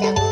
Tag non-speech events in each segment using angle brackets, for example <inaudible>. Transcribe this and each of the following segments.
Thank you.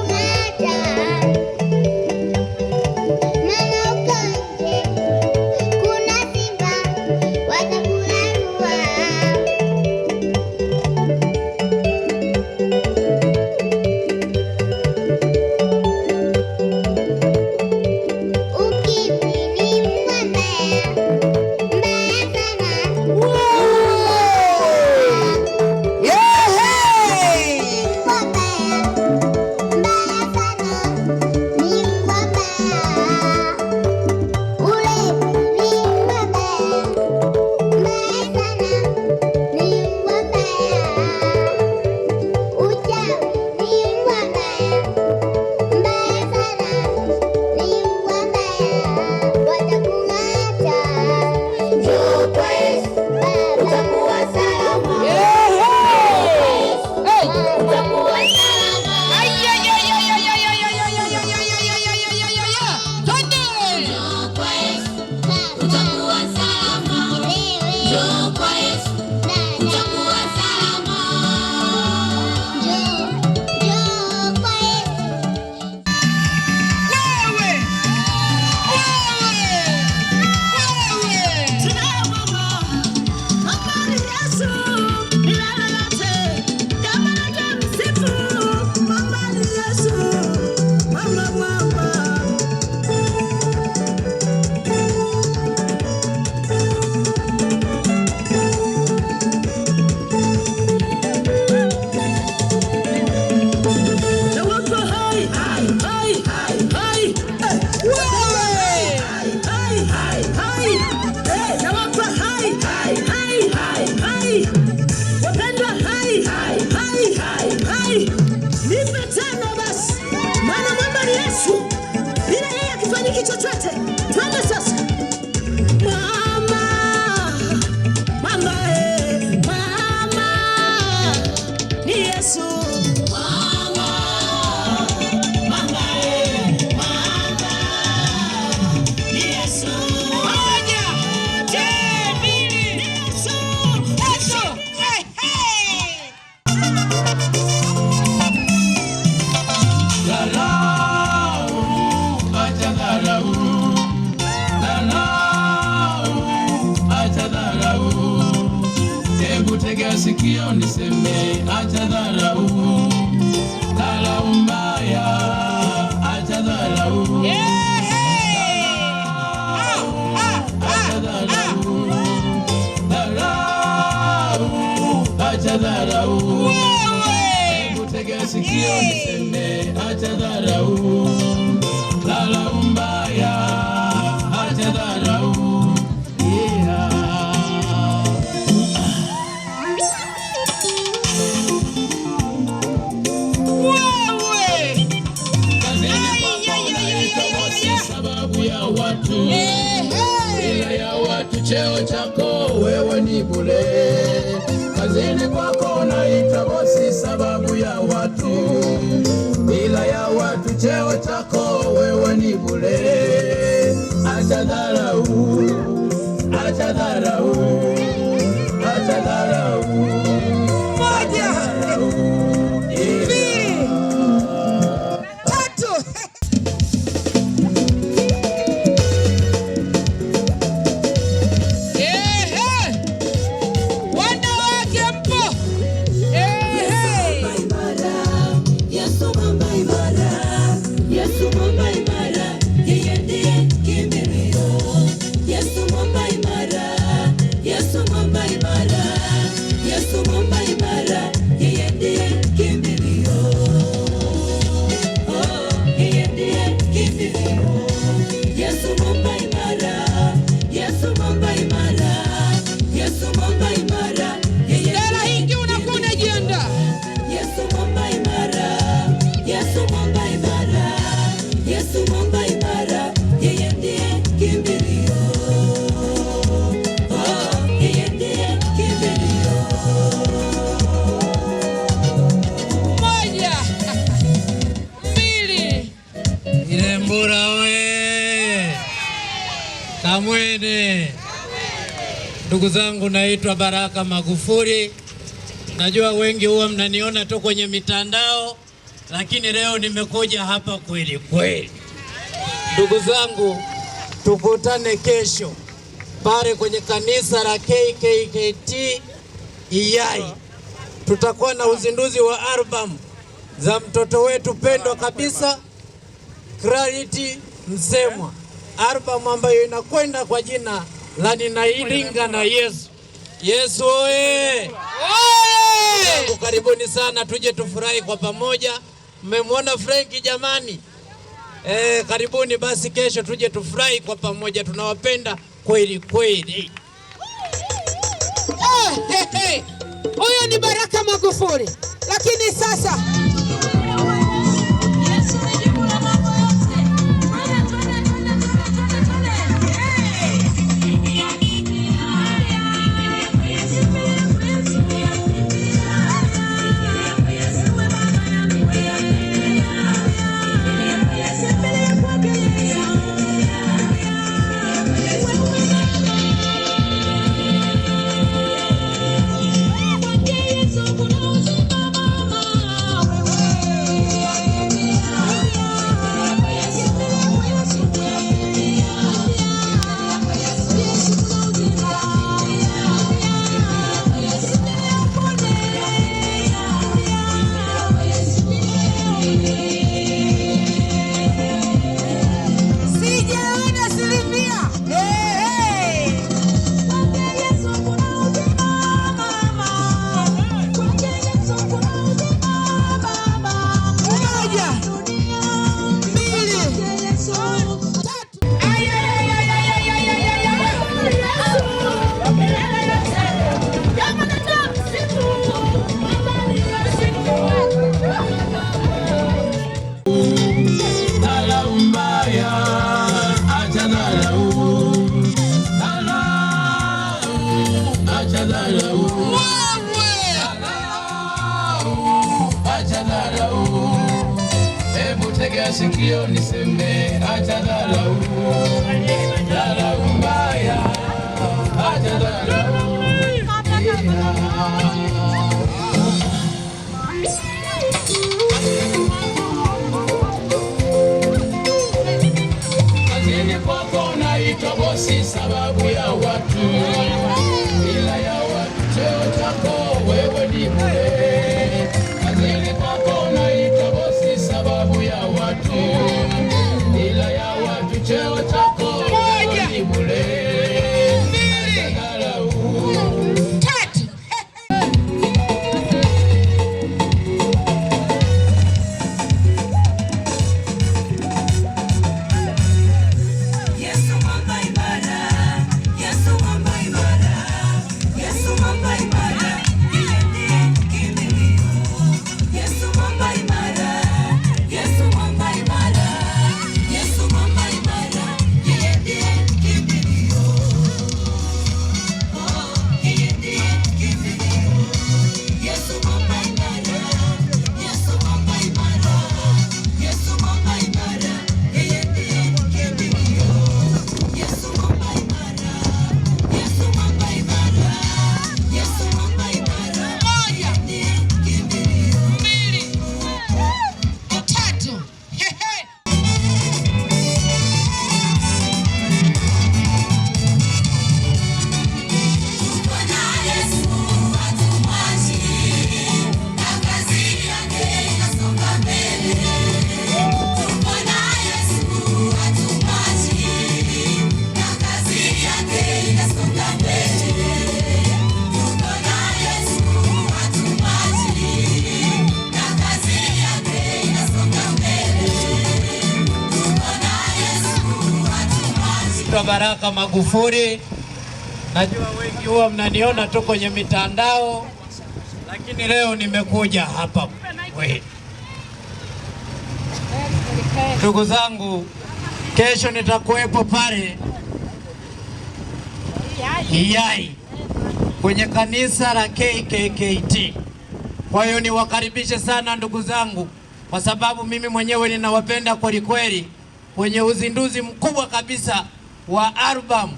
chako wewe ni bure, kazini kwako naita bosi sababu ya watu, bila ya watu cheo chako wewe ni bure Ndugu zangu, naitwa Baraka Magufuli. Najua wengi huwa mnaniona tu kwenye mitandao, lakini leo nimekuja hapa kweli kweli. Ndugu zangu, tukutane kesho pale kwenye kanisa la KKKT Iyai, tutakuwa na uzinduzi wa albamu za mtoto wetu pendwa kabisa Clarity Msemwa, albamu ambayo inakwenda kwa jina na ninailinga na Yesu. Yesu oye! Karibuni sana, tuje tufurahi kwa pamoja. Mmemwona Frenki jamani? E, karibuni basi, kesho tuje tufurahi kwa pamoja, tunawapenda kweli kweli. Huyo eh, eh, ni Baraka Magufuli, lakini sasa masikio niseme acha dharau Baraka Magufuli. Najua wengi huwa mnaniona tu kwenye mitandao, lakini leo nimekuja hapa kweli. Ndugu zangu, kesho nitakuwepo pale Iyai kwenye kanisa la KKKT. Kwa hiyo niwakaribishe sana ndugu zangu, kwa sababu mimi mwenyewe ninawapenda kweli kweli, kwenye uzinduzi mkubwa kabisa wa albamu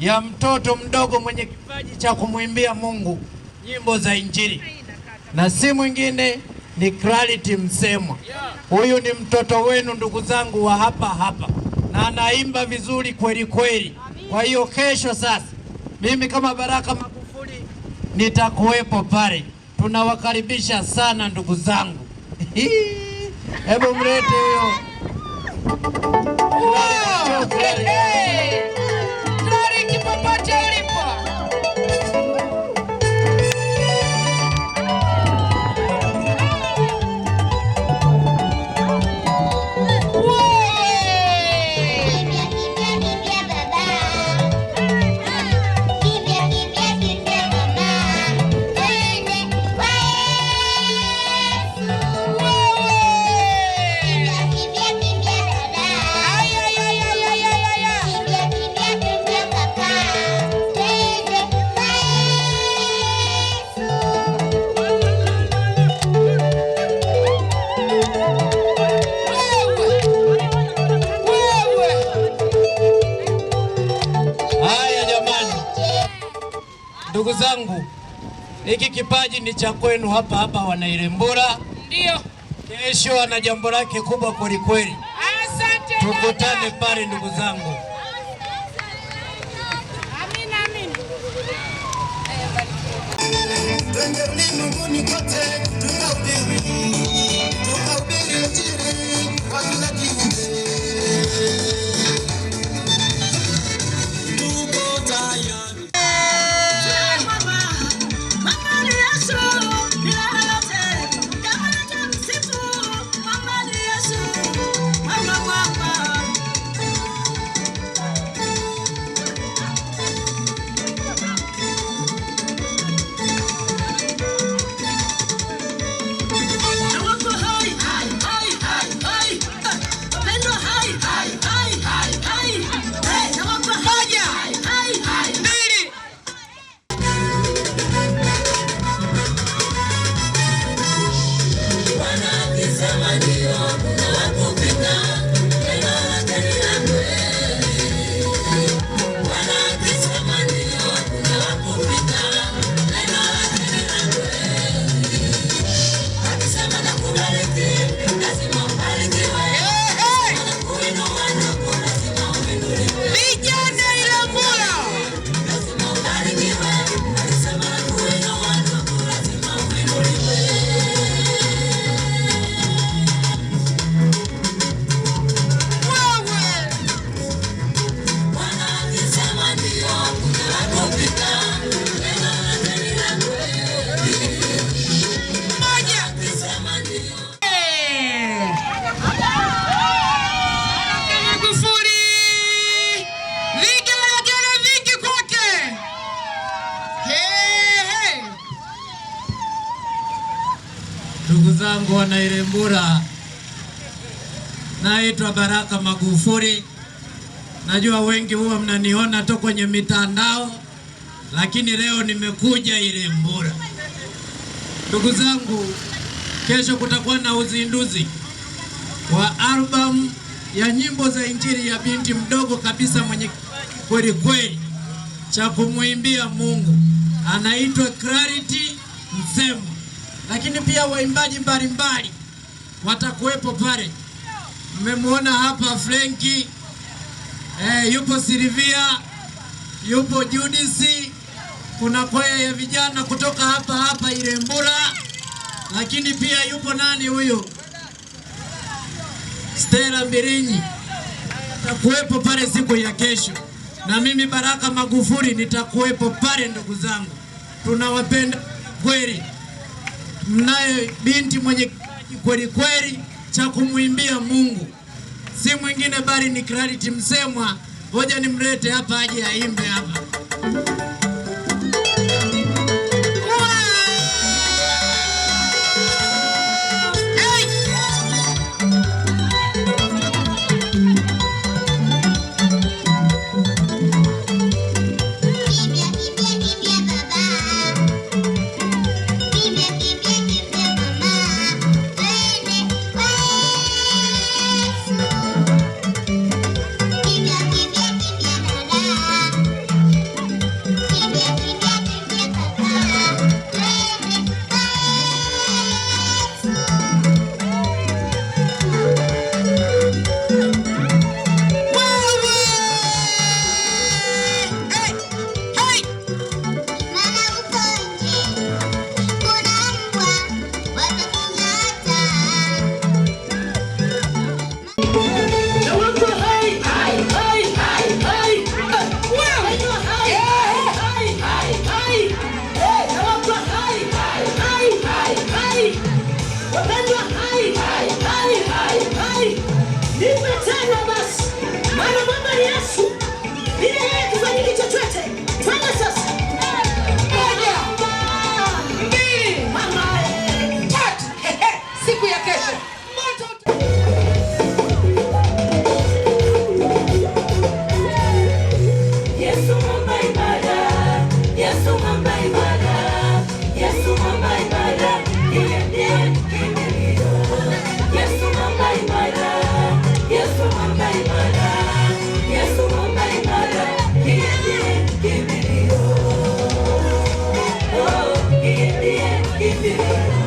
ya mtoto mdogo mwenye kipaji cha kumwimbia Mungu nyimbo za Injili, na si mwingine ni Clarity Msemwa. Huyu ni mtoto wenu ndugu zangu wa hapa hapa, na anaimba vizuri kweli kweli. Kwa hiyo kesho sasa, mimi kama Baraka Magufuli nitakuwepo pale. Tunawakaribisha sana ndugu zangu. <laughs> Hebu mlete huyo Uau! Ei, ei! que papai! kipindi cha kwenu hapa hapa wanairembura. Ndio. Kesho ana jambo lake kubwa kwelikweli. Asante. Tukutane pale ndugu zangu. Amina, amina. Magufuli. Najua wengi huwa mnaniona tu kwenye mitandao, lakini leo nimekuja mbura Ndugu zangu, kesho kutakuwa na uzinduzi wa albamu ya nyimbo za injili ya binti mdogo kabisa mwenye kweli kweli cha kumwimbia Mungu, anaitwa Clarity Msemo, lakini pia waimbaji mbalimbali watakuwepo pale. Mmemwona hapa Frenki eh, yupo Silvia, yupo Judisi, kuna kwaya ya vijana kutoka hapa hapa irembura lakini pia yupo nani huyo Stella Mbirinyi takuwepo pale siku ya kesho, na mimi Baraka Magufuli nitakuwepo pale. Ndugu zangu, tunawapenda kweli. Mnaye binti mwenye kweli kweli cha kumwimbia Mungu, si mwingine bali ni Clarity Msemwa. Ngoja nimlete hapa aje aimbe hapa. 站住啊 Yeah.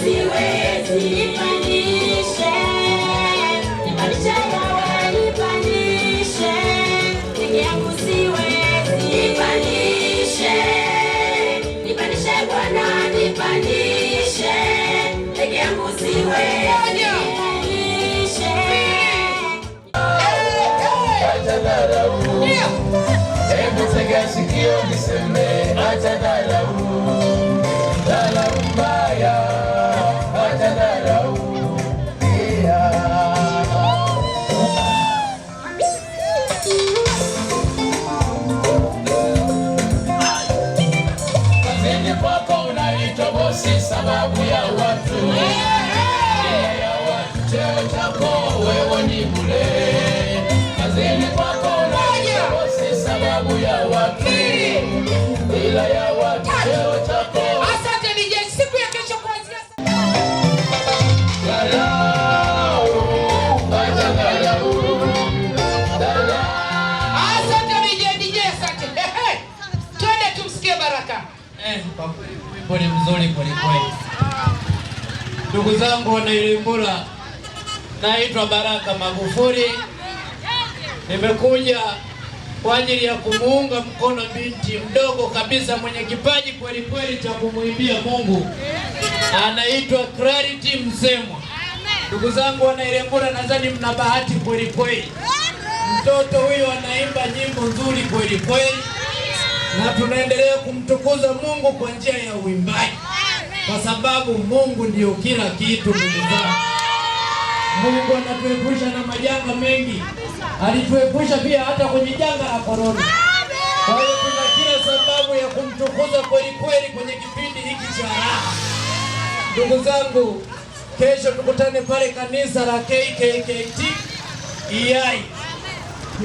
Acha dharau, hebu tega sikio niseme, acha dharau Ndugu zangu wana Ilimbula, naitwa Baraka Magufuli. Nimekuja kwa ajili ya kumuunga mkono binti mdogo kabisa mwenye kipaji kweli kweli cha kumwimbia Mungu, anaitwa Clarity Msemwa. Ndugu zangu wana Ilimbula, nadhani mna bahati kweli kweli, mtoto huyo anaimba nyimbo nzuri kweli kweli, na tunaendelea kumtukuza Mungu kwa njia ya uimbaji kwa sababu Mungu ndio kila kitu. Mungu zangu, Mungu anatuepusha na majanga mengi, alituepusha pia hata kwenye janga la korona. Kwa hiyo tuna kila sababu ya kumtukuza kweli kweli kwenye kipindi hiki cha raha. Ndugu zangu, kesho tukutane pale kanisa la KKKT Iyai. E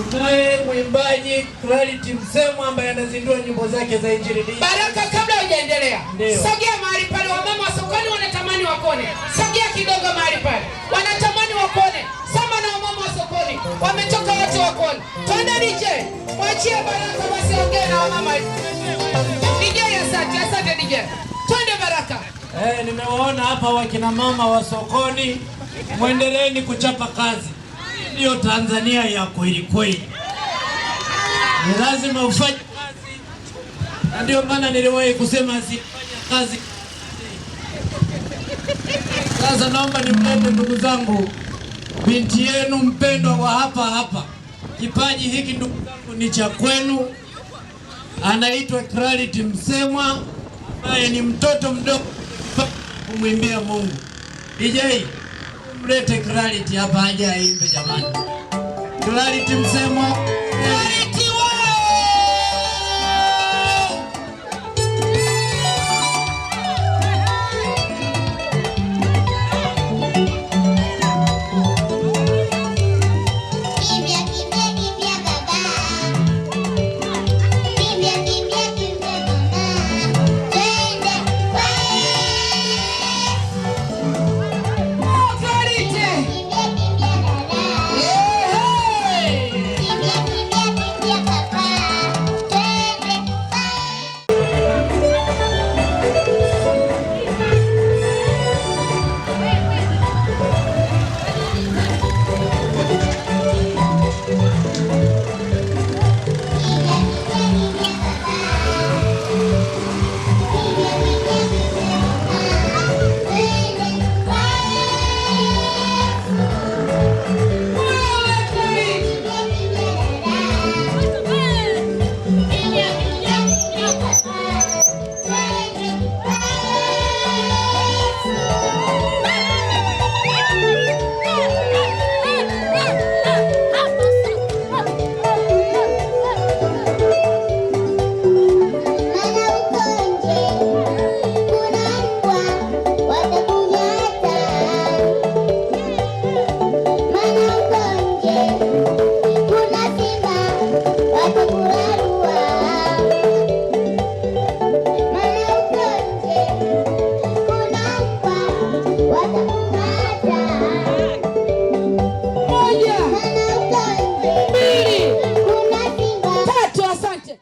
tunaye mwimbaji Clarity Msemo ambaye anazindua nyimbo zake za injili. Baraka, kabla hujaendelea, sogea mahali pale. Wamama wa sokoni wanatamani wakone, sogea kidogo mahali pale, wanatamani wakone. Sama na wamama wa sokoni, wametoka wote wakone. Twende nje, mwachie Baraka basi ongee na wamama. DJ, asante, asante DJ, twende Baraka. Eh, nimewaona hapa wakina mama wa sokoni, mwendeleeni kuchapa kazi ndiyo Tanzania ya kweli kweli. Ni lazima ufanye kazi, na ndio maana niliwahi kusema sifanya kazi. Sasa naomba nimlete ndugu zangu, binti yenu mpendwa wa hapa hapa. Kipaji hiki ndugu zangu ni cha kwenu, anaitwa Clarity Msemwa ambaye ni mtoto mdogo kumwimbia Mungu. DJ tulete clarity hapa, haja imbe jamani, clarity msemo